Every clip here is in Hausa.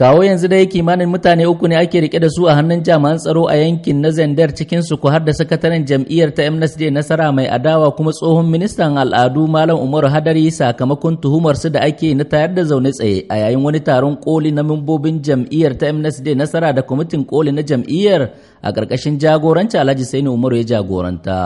kawo yanzu dai kimanin mutane uku ne ake rike da su a hannun jami'an tsaro a yankin na zandar cikin su ku har da sakataren jam'iyyar ta MNSD nasara mai adawa kuma tsohon ministan al'adu malam umaru hadari sakamakon tuhumar su da ake na tayar da zaune tsaye a yayin wani taron koli na membobin jam'iyyar ta MNSD nasara da kwamitin koli na jam'iyyar a ƙarƙashin jagoranci alhaji saini umaru ya jagoranta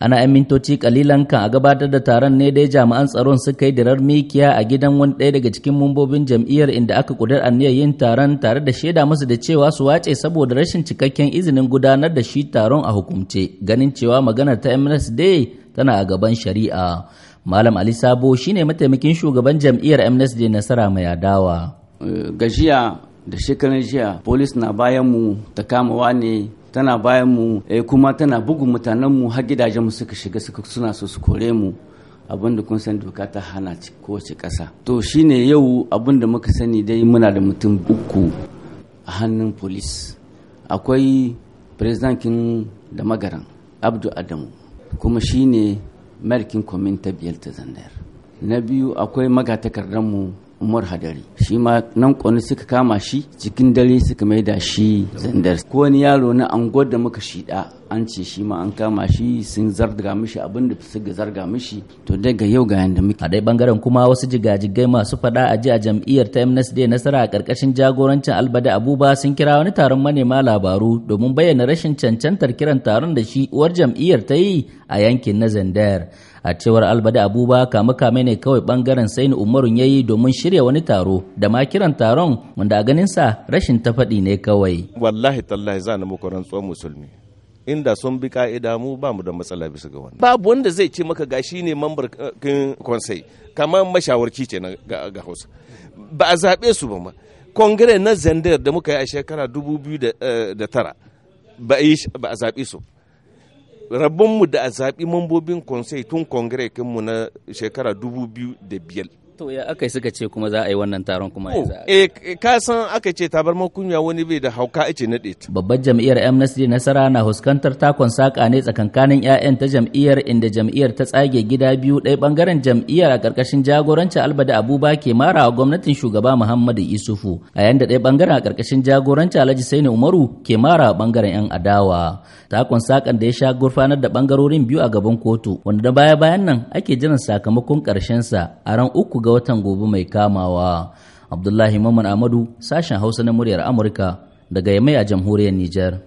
ana yan mintoci kalilan kan a gabatar da taron ne dai jami'an tsaron suka yi dirar mikiya a gidan wani ɗaya daga cikin mambobin jam'iyyar inda aka kudar aniyar yin taron tare da shaida musu da cewa su wace saboda rashin cikakken izinin gudanar da shi taron a hukumce ganin cewa maganar ta amnesty day tana a gaban shari'a malam ali sabo shine mataimakin shugaban jam'iyyar amnesty nasara mai adawa gajiya da shekaran jiya polis na bayan mu ta kamawa ne tana bayan mu eh, kuma tana bugun mutanen mu har gidajen mu suka shiga suka suna so su kore mu abin da kun san doka ta hana kowace kasa to shine yau abin da muka sani dai muna da mutum uku a hannun polis akwai kin da magaran abdu adamu kuma shine malkin kwamin ta biyar ta zandar na biyu akwai mu umar hadari shi ma nan kwani suka kama shi cikin dare suka mai da shi zandar ko wani yaro na anguwar da muka shida an ce shi ma an kama shi sun zarga mishi abin da suka zarga mishi to daga yau ga yanda muke a dai bangaren kuma wasu jigajigai masu fada a ji a jam'iyyar ta MNSD nasara a karkashin jagorancin Albada Abuba sun kira wani taron manema labaru domin bayyana rashin cancantar kiran taron da shi uwar jam'iyyar ta yi a yankin na Zandayar a cewar Albada Abuba kama kame ne kawai bangaren sai ni Umarun yayi domin shirya wani taro da ma kiran taron wanda a ganin sa rashin tafadi ne kawai wallahi tallahi za muku rantsuwar musulmi inda sun bi ka'ida mu ba mu da matsala bisa ga wani. babu wanda zai ce maka ga ne mambar eh, konsai kamar mashawarci ce ga hausa ba a zaɓe su ba ma kongire na zandar da muka yi a shekara 2009 eh, ba a zaɓe su rabonmu da a zaɓi mambobin konsai tun kongire kinmu na shekara 2005 To ya aka suka ce kuma za a yi wannan taron kuma ya oh, za a yi. Eh, ka san aka ce tabarmar kunya wani bai da hauka ice na ta. Babbar jam'iyyar Amnesty Nasara na huskantar takon saƙa ne tsakankanin 'ya'yan ta jam'iyyar inda jam'iyyar ta tsage gida biyu ɗaya ɓangaren jam'iyyar a ƙarƙashin jagorancin Albada Abuba ke marawa gwamnatin shugaba Muhammadu Isufu a yayin da ɗaya ɓangaren a ƙarƙashin jagorancin Alhaji Saini Umaru ke marawa wa ɓangaren 'yan adawa. Takon saƙan da ya sha gurfanar da ɓangarorin biyu a gaban kotu wanda da baya-bayan nan ake jiran sakamakon ƙarshensa a ran uku ga watan gobe mai kamawa abdullahi maman amadu sashen hausa na muryar amurka daga yamai a jamhuriyar nijar